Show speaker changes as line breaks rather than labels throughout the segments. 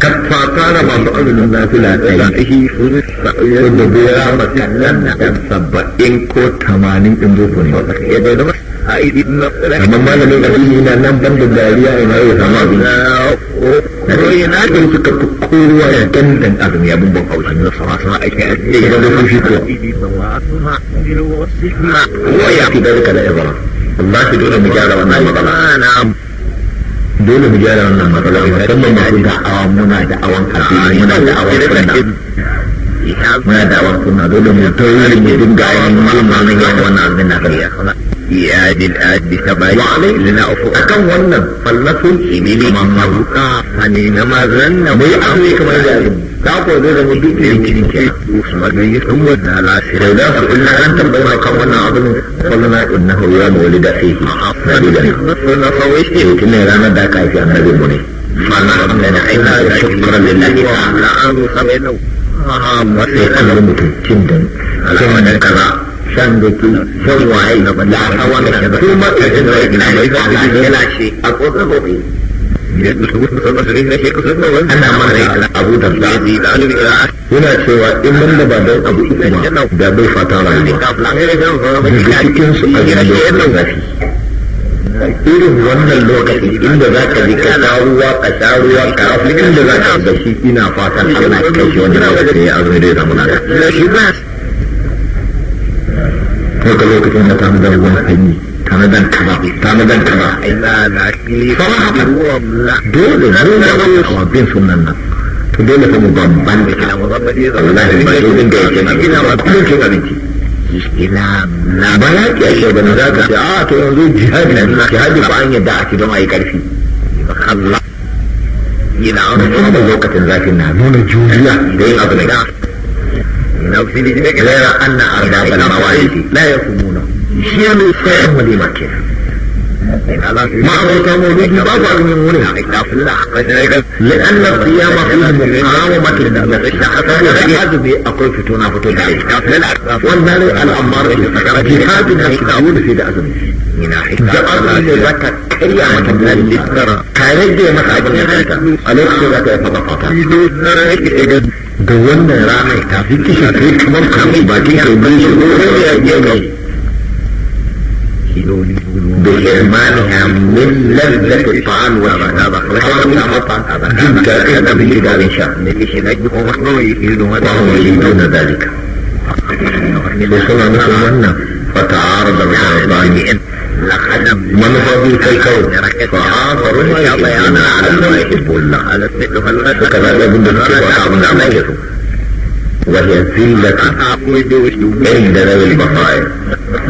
فقال من قبل نافلتين wanda bai rama sannan na ɗan sabba'in ko tamanin in boko ne wata ya bai zama amma malamin addini na nan ban da dariya ina ya samu suka fi kowa ya dandan abin ya bubban hausa na sama sama ake ake ya da fushi ko kowa ya fi da rika da ibara Allah shi dole mu gyara wannan matsala dole mu gyara wannan matsalar musamman masu awa muna awan kafi muna awan sunna muna awan sunna dole mu tauri mu dinga yawan malamin yawan wannan abin na kariya iyalin adi ta bai wa alai lina uku akan wannan fallafin ibili mamaruka hani na mazan na mai amai kamar da ta ko zai zama duk ne cikin ke usman ne yakan wanda lafi da da su illa an tambaye ma kan wannan abin kullana innahu yawm walida fihi sabida na kawai shi ne ranar da aka yi annabi mu ne mana na aina da shukran lillahi ta'ala an sabena ha ha mutum cin dan alhamdulillah san da ke shan waye da hawan da kuma kashin da yake da yake da yake a kotsa gobe ana mara abu da yana cewa in ban da ba don abu uku ba da bai fata rayuwa daga cikin su a gina da irin wannan lokaci inda za ka ji ka sha ruwa ka sha ruwa ka rafu inda za ka da shi ina fatan Allah ya kai shi wannan lokaci ya aure da muna da sai ka lokacin da ta mu da ruwan sanyi tanadan kaza tanadan kaza ina na kili dole mun da wannan bin sunan nan to dole fa mu babban da kana wallahi ba dole da yake na ina ba kullun kin abinci ina na bala ya ke ake ba na zaka ce a to yanzu jihadi na jihadi ba an yadda a ci don ayi karfi Allah ina wani lokacin zafin na nuna juriya da yin abu da نغسل يديك غير أن أرداف الروائد لا يصومونه شيء من الصيام لما كنا ما هو مولود بابا من منها لأن الصيام فيه مقاومة الجهاد بأقول فتونا فتونا والمال الأمر جهاد الأشداود في الأزمة جاء الله إلا عن الترى كارجي ما أجنبتا ألوكسو لك يتبقى da wannan ranar kafin kishin kai kamar kamar bakin kai ban shi من لذة الطعام والشراب جدا كذا من كذا إن شاء وهم يريدون ذلك وصلى الله عليه وسلم فتعارض الشيطان manufa biyu kai kawai fa hafaru ma ya tsaya na alalwa ya hibbulla suka zaɓi abin da suke wata abin da Allah ya so وهي زلة عند ذوي البصائر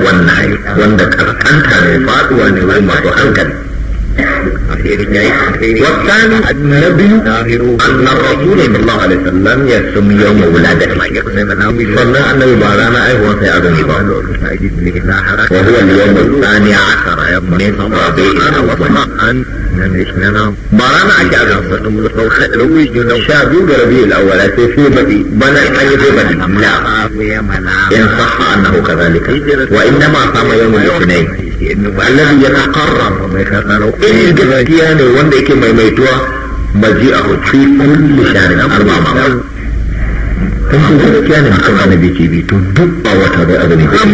والنهي وندك أنت نفاق ونظام وحنكا والثاني النبي أن الرسول صلى الله عليه وسلم يسمي يوم ولادته صلى أن يبارنا أي هو في أبن وهو اليوم الثاني عشر من ربيع وطمأن بارنا أجعل شابي ربيع الأول في بدي بنا أي في بدي لا إن صح أنه كذلك وإنما صام يوم الاثنين alladhi yataqarrab mai kasaro in gaskiya ne wanda yake maimaituwa maji'ahu fi kulli shahrin arba'ama in kun gaskiya ne akan annabi ke bi to duk ba wata bai azumi ko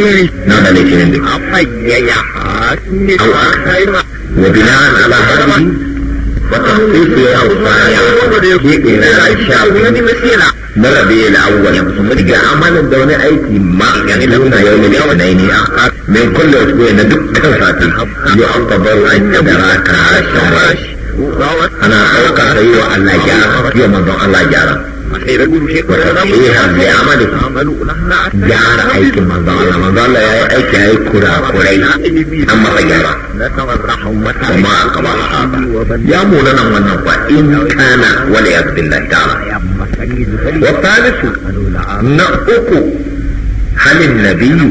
na da laifin da wa bina'an ala hadisi marabe la awwal mutumadiga amalan da wani aiki ma yani da wani yau ne da wani ne a me kullu ko ne duk kan sati yo akbar an tabara ka ana auka sai wa Allah ya yo manzo Allah ya tasirin da amali gyara aikin manzo Allah manzo Allah ya yi aiki ya yi kurakurai an masa gyara kuma a kaba sahaba ya mula nan wannan kwa in kana wani ya zubin da ta'ala wa talisu na uku halin nabiyu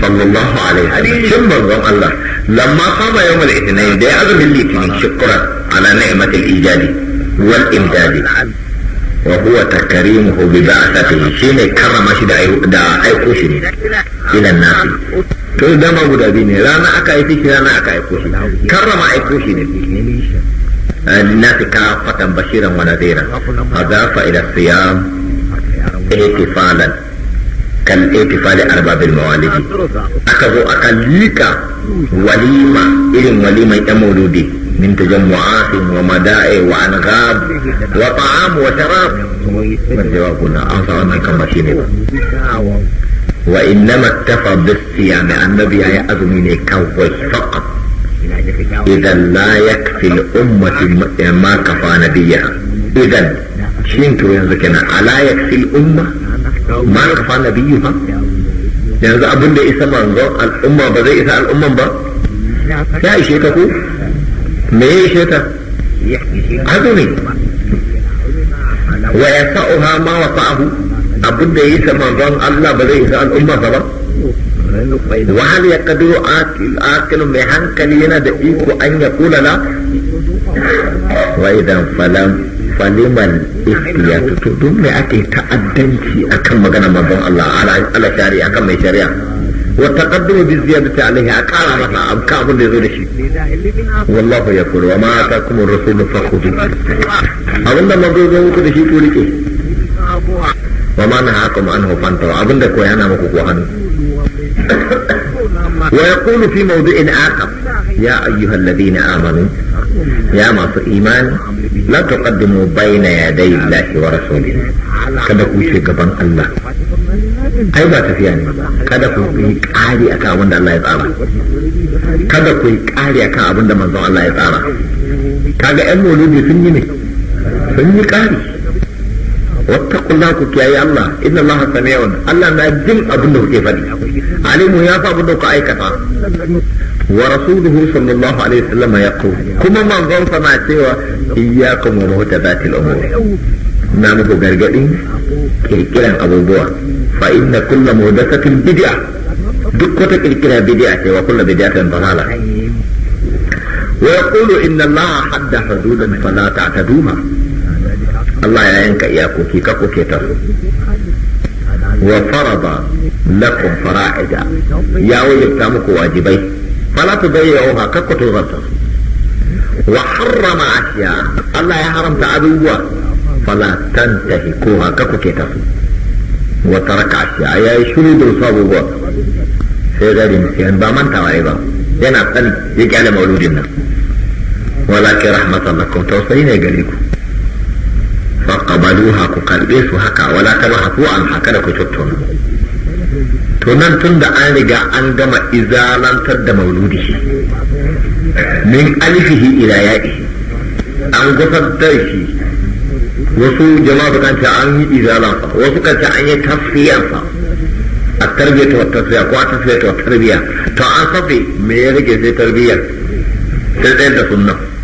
sallallahu alaihi shin manzon Allah lamma kama yawmal itinain da ya azumin litinin shukran ala ni'matil ijadi wal imdadi wa huwa takrimuhu bi ba'athatihi shine karama shi da aiko shi ne ila nasi to ba guda bi ne rana aka aiki shi rana aka aiko shi karama aiko shi ne eh, nasi ka fatan bashiran wa nadira adafa ila siyam ihtifalan kan ihtifali arbabil mawalidi aka zo aka lika walima irin walima yan mauludi من تجمعات ومدائع وانغام وطعام وشراب فالجواب هنا أنصار كما وإنما اكتفى بالصيام النبي يا أزميني كوي فقط إذا لا يكفي الأمة ما كفى نبيها إذا شينتو ينزكنا ألا يكفي الأمة ما كفى نبيها yanzu يعني الامه da isa manzon الامه ba zai isa al'umman ba ya ishe me ya ishe ta azumi wa ya sa'uha ma wa sa'ahu abin da ya yi sama Allah ba zai isa al'umma ba ba wa hal ya kadiru akilu mai hankali yana da iko an ya kula la wa idan falam faliman ikhtiyatu to duk me ake ta'addanci akan magana manzon Allah ala shari'a akan mai shari'a والتقدم بالزيادة عليه أقال رفع أبكى من ذي والله يقول وما أتاكم الرسول فخذوه أظن ما بيقول كده شيء تقولي وما نهاكم عنه فانتوا أظن كو أنا مكوكو عنه ويقول في موضع آخر يا أيها الذين آمنوا يا masu imani la taqaddimu bayna yaday Allahi wa rasulihi kada ku ce gaban Allah ai ba tafiya ne ba kada ku yi ƙari akan abin da Allah ya tsara kada ku yi ƙari akan abin da manzon Allah ya tsara kaga ƴan maulidi sun yi ne sun yi ƙari wattaqu Allah ku kiyaye Allah inna Allah sami'un Allah na jin abin da kuke faɗi alimu ya fa abin da ku aikata wa rasuluhu sallallahu alaihi wasallam ya kuma manzon sa na cewa iyyakum wa muhtadatil umur na muku gargadin kirkiran abubuwa fa inna kulla muhdathatin bid'a duk wata kirkira bid'a ce wa kullu bid'atin dalala wa yaqulu inna allaha hadda hududan fala ta'taduha Allah ya yanka iyakoki ka kuke ta wa farada lakum fara'ida ya wajibta muku wajibai fala ka Allah ya haramta abubuwa fala wa raka shi ya yi shiru da wasu abubuwa sai gari yan ba manta waye ba yana san ya kyale mauludin nan walakin rahmatan lakum tausayi ne gare ku faqabaluha ku karbe su haka wala tabhaku an haka da ku tattauna to nan tun da an riga an gama izalantar da mauludi min alifihi ila ya'i an gusar da shi wasu jama'a bukan ta an yi fa wasu kan an yi fa a tarbiyya ta tasfiya ko a tasfiya ta tarbiyya to an safi me ya rage sai tarbiyya sai tsayar da sunna